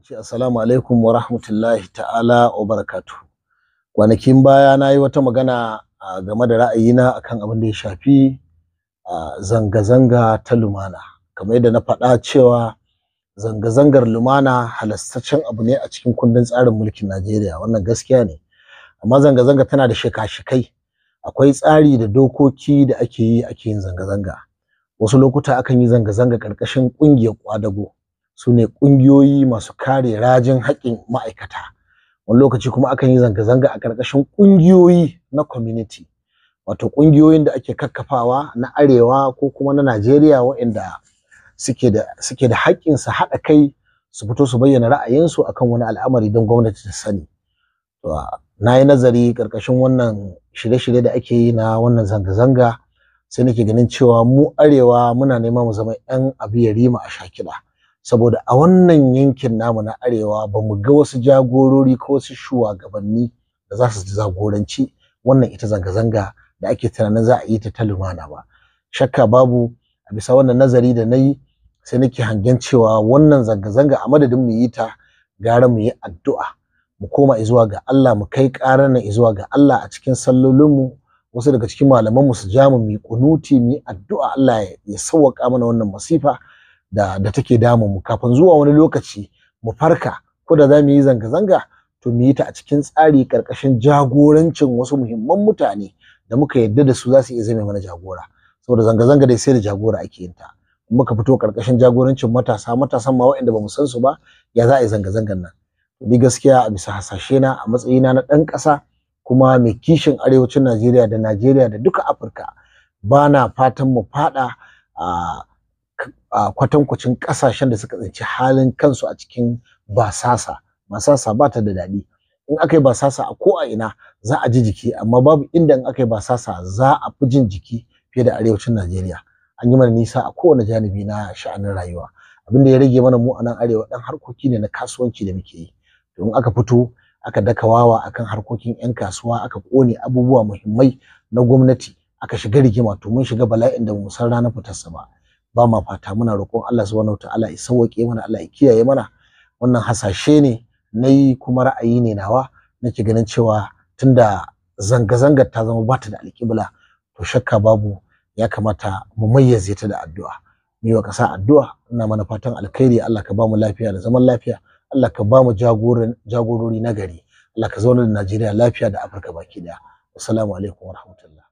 ce assalamu alaikum wa rahmatullahi ta'ala wa barakatu kwanakin baya na yi wata magana game da ra'ayina akan abin da ya shafi zanga-zanga ta lumana kamar yadda na faɗa cewa zanga-zangar lumana halastaccen abu ne a cikin kundin tsarin mulkin najeriya wannan gaskiya ne amma zanga-zanga tana da shika-shikai akwai tsari da dokoki da ake yi ake yin zanga-zanga wasu lokuta akan yi zanga-zanga ƙarƙashin ƙungiyar ƙwadago su ne ƙungiyoyi masu kare rajin haƙƙin ma'aikata wani lokaci kuma akan yi zanga-zanga a ƙarƙashin ƙungiyoyi na community wato ƙungiyoyin da ake kakkafawa na arewa ko kuma na najeriya waɗanda suke da suke da haƙƙin su haɗa kai su fito su bayyana ra'ayinsu akan wani al'amari don gwamnati ta sani na yi nazari ƙarƙashin wannan shirye-shirye da ake yi na wannan zanga-zanga sai nake ganin cewa mu arewa muna nema mu zama 'yan abu yarima a shakida. saboda a wannan yankin namu na arewa ba mu ga wasu jagorori ko wasu shugabanni da za su jagoranci wannan ita zanga-zanga da ake tunanin za a yi ta ta lumana ba shakka babu a bisa wannan nazari da na yi sai nake hangen cewa wannan zanga-zanga a madadin mu yi ta gara mu yi addu'a mu koma izuwa ga Allah mu kai ƙarar na izuwa ga Allah a cikin sallolinmu wasu daga cikin malaman mu su ja mu mu yi kunuti mu yi addu'a Allah ya sauwaka mana wannan masifa da da take damun mu kafin zuwa wani lokaci mu farka ko da za mu yi zanga-zanga to mu yi ta a cikin tsari karkashin jagorancin wasu muhimman mutane da muka yarda da su za su iya zame mana jagora saboda zanga-zanga dai sai da jagora ake yin ta muka fito karkashin jagorancin matasa matasan ma waɗanda mu san su ba ya za a yi zanga-zangan nan ni gaskiya a bisa hasashe na a matsayi na ɗan ƙasa kuma mai kishin arewacin Najeriya da Najeriya da duka Afirka bana fatan mu faɗa a ah, kwatankwacin ƙasashen da suka tsinci halin kansu a cikin basasa basasa ba ta da daɗi in aka yi basasa a ko a ina za a ji jiki amma babu inda in aka yi basasa za a fi jin jiki fiye da arewacin Najeriya an yi mana nisa a kowane janibi na sha'anin rayuwa abinda ya rage mana mu a nan arewa dan harkoki ne na kasuwanci da muke yi in aka fito aka daka wawa akan harkokin 'yan kasuwa aka kone abubuwa muhimmai na gwamnati aka shiga rigima to mun shiga bala'in da mu san ranar fitarsa ba ba ma fata muna roƙon Allah subhanahu wataala ya sauke mana Allah ya kiyaye mana wannan hasashe ne nayi kuma ra'ayi ne nawa nake ganin cewa tunda zanga-zangar ta zama bata da alƙibla to shakka babu ya kamata mu mayyaze ta da addu'a mu yi wa ƙasa addu'a ina mana fatan alkhairi Allah ka ba mu lafiya da zaman lafiya Allah ka ba mu jagorori na gari Allah ka zauna da Najeriya lafiya da Afirka baki daya assalamu alaikum warahmatullahi